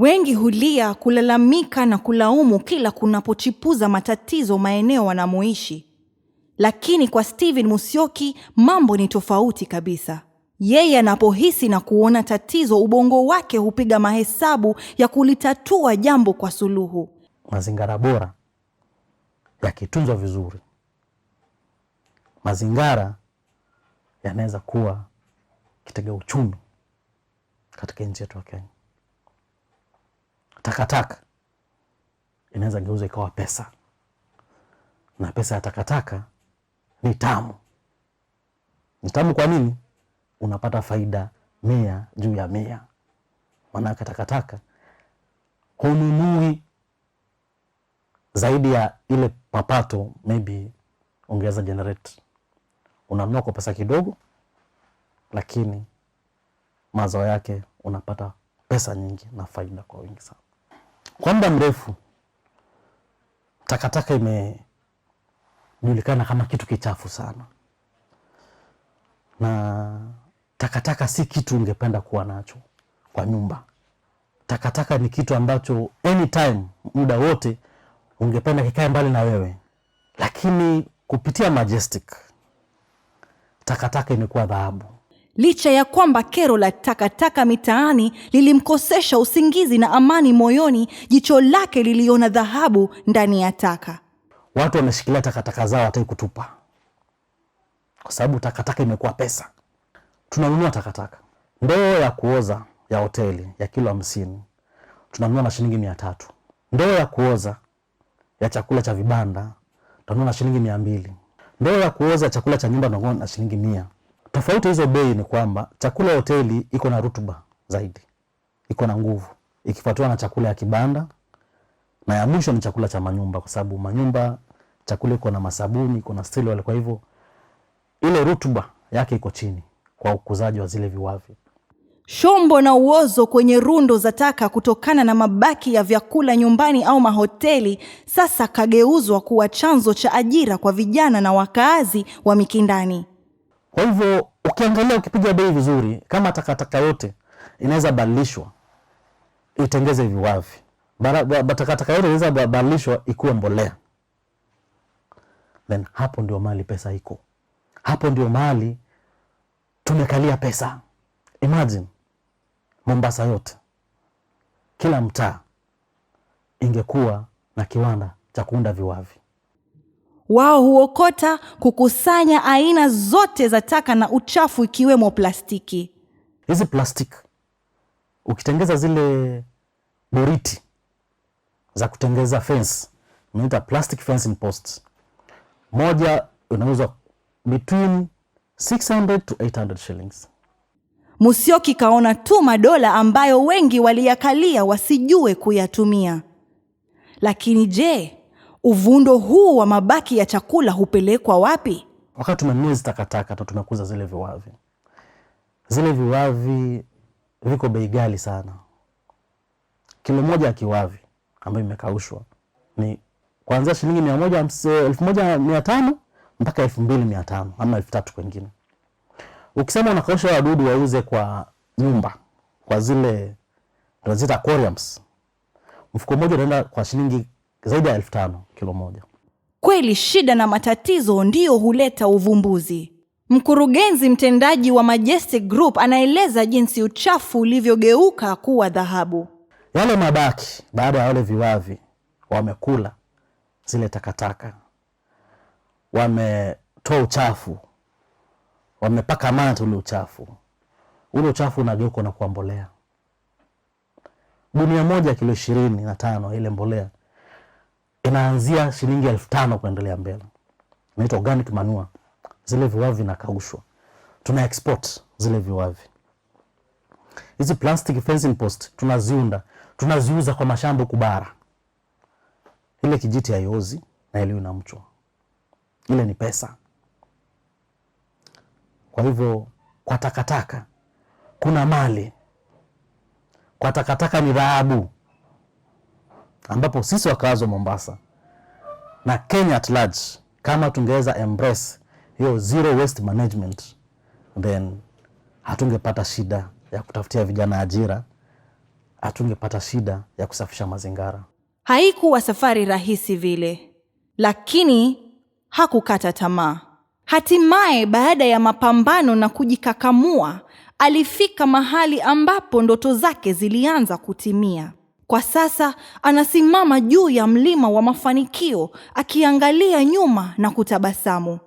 Wengi hulia kulalamika na kulaumu kila kunapochipuza matatizo maeneo wanamoishi, lakini kwa stehen musioki mambo ni tofauti kabisa. Yeye anapohisi na kuona tatizo, ubongo wake hupiga mahesabu ya kulitatua jambo kwa suluhu. mazingara bora yakitunzwa vizuri, mazingara yanaweza kuwa kitega uchumi katika nchi yetu ya Kenya takataka inaweza geuza ikawa pesa, na pesa ya takataka ni tamu. Ni tamu kwa nini? Unapata faida mia juu ya mia, maanake takataka hununui zaidi ya ile mapato maybe ungeweza generate. Unanunua kwa pesa kidogo, lakini mazao yake unapata pesa nyingi na faida kwa wingi sana. Kwa muda mrefu takataka imejulikana kama kitu kichafu sana, na takataka si kitu ungependa kuwa nacho kwa nyumba. Takataka ni kitu ambacho anytime, muda wote ungependa kikae mbali na wewe, lakini kupitia Majestic takataka imekuwa dhahabu licha ya kwamba kero la takataka mitaani lilimkosesha usingizi na amani moyoni, jicho lake liliona dhahabu ndani ya taka. Watu wameshikilia takataka zao, hataki kutupa kwa sababu takataka imekuwa pesa. Tunanunua takataka, ndoo ya kuoza ya hoteli ya kilo hamsini tunanunua na shilingi mia tatu. Ndoo ya kuoza ya chakula cha vibanda tunanunua na shilingi mia mbili. Ndoo ya kuoza ya chakula cha nyumba tunanunua na shilingi mia Tofauti hizo bei ni kwamba chakula ya hoteli iko na rutuba zaidi, iko na nguvu, ikifuatiwa na chakula ya kibanda, na ya mwisho ni chakula cha manyumba, kwa sababu manyumba chakula iko na masabuni, iko na stili. Kwa hivyo ile rutuba yake iko chini kwa ukuzaji wa zile viwavi. Shombo na uozo kwenye rundo za taka kutokana na mabaki ya vyakula nyumbani au mahoteli, sasa kageuzwa kuwa chanzo cha ajira kwa vijana na wakaazi wa Mikindani. Kwa hivyo ukiangalia, ukipiga bei vizuri, kama takataka yote inaweza badilishwa itengeze viwavi, takataka yote inaweza badilishwa ikuwe mbolea, then hapo ndio mali pesa iko, hapo ndio mali tumekalia pesa. Imagine Mombasa yote, kila mtaa ingekuwa na kiwanda cha kuunda viwavi wao huokota kukusanya aina zote za taka na uchafu ikiwemo plastiki. Hizi plastiki ukitengeza zile boriti za kutengeza fence, unaita plastic fencing post, moja inauzwa between 600 to 800 shillings. musioki kaona tu madola ambayo wengi waliyakalia wasijue kuyatumia. Lakini je, uvundo huu wa mabaki ya chakula hupelekwa wapi? Wakati tunanunua hizi takataka, tunakuza zile viwavi. Zile viwavi viko bei ghali sana. Kilo moja ya kiwavi ambayo imekaushwa ni kuanzia shilingi mia moja elfu moja mia tano mpaka elfu mbili mia tano ama elfu tatu kwengine. Ukisema unakausha wadudu wauze kwa nyumba, kwa zile tunazita aquariums, mfuko mmoja unaenda kwa shilingi zaidi ya elfu tano kilo moja. Kweli shida na matatizo ndiyo huleta uvumbuzi. Mkurugenzi mtendaji wa Majestic Group anaeleza jinsi uchafu ulivyogeuka kuwa dhahabu. Yale mabaki baada ya wale viwavi wamekula zile takataka, wametoa uchafu, wamepaka mate ule uchafu, ule uchafu unageuka na kuwa mbolea. Gunia moja kilo ishirini na tano ile mbolea inaanzia shilingi elfu tano kuendelea mbele. Inaitwa organic manua. zile viwavi vinakaushwa, tuna export zile viwavi. Hizi plastic fencing post tunaziunda, tunaziuza kwa mashamba huku bara. Ile kijiti haiozi na iliyo na mchwa, ile ni pesa. Kwa hivyo kwa takataka kuna mali, kwa takataka ni dhahabu ambapo sisi wakazi wa Mombasa na Kenya at large kama tungeweza embrace hiyo zero waste management, then hatungepata shida ya kutafutia vijana ajira, hatungepata shida ya kusafisha mazingira. Haikuwa safari rahisi vile, lakini hakukata tamaa. Hatimaye, baada ya mapambano na kujikakamua, alifika mahali ambapo ndoto zake zilianza kutimia. Kwa sasa anasimama juu ya mlima wa mafanikio akiangalia nyuma na kutabasamu.